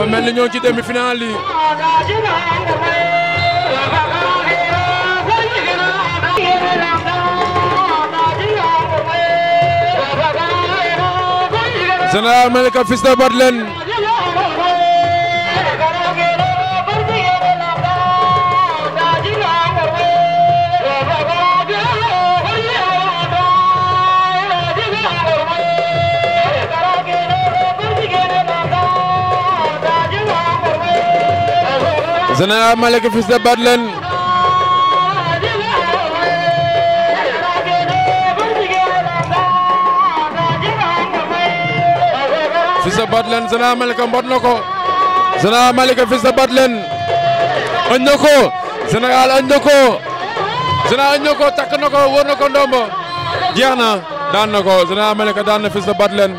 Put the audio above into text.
dafa mel ni ñoo ci demi-finale yi. Général Malika Fils de Batlen Général Malika fils de Batlen fils de Batlen Général Malika mbot na ko Général Malika fils de añ na ko añ na takk na wër na ko jeex na daan na ko Général daan na fils de Batlen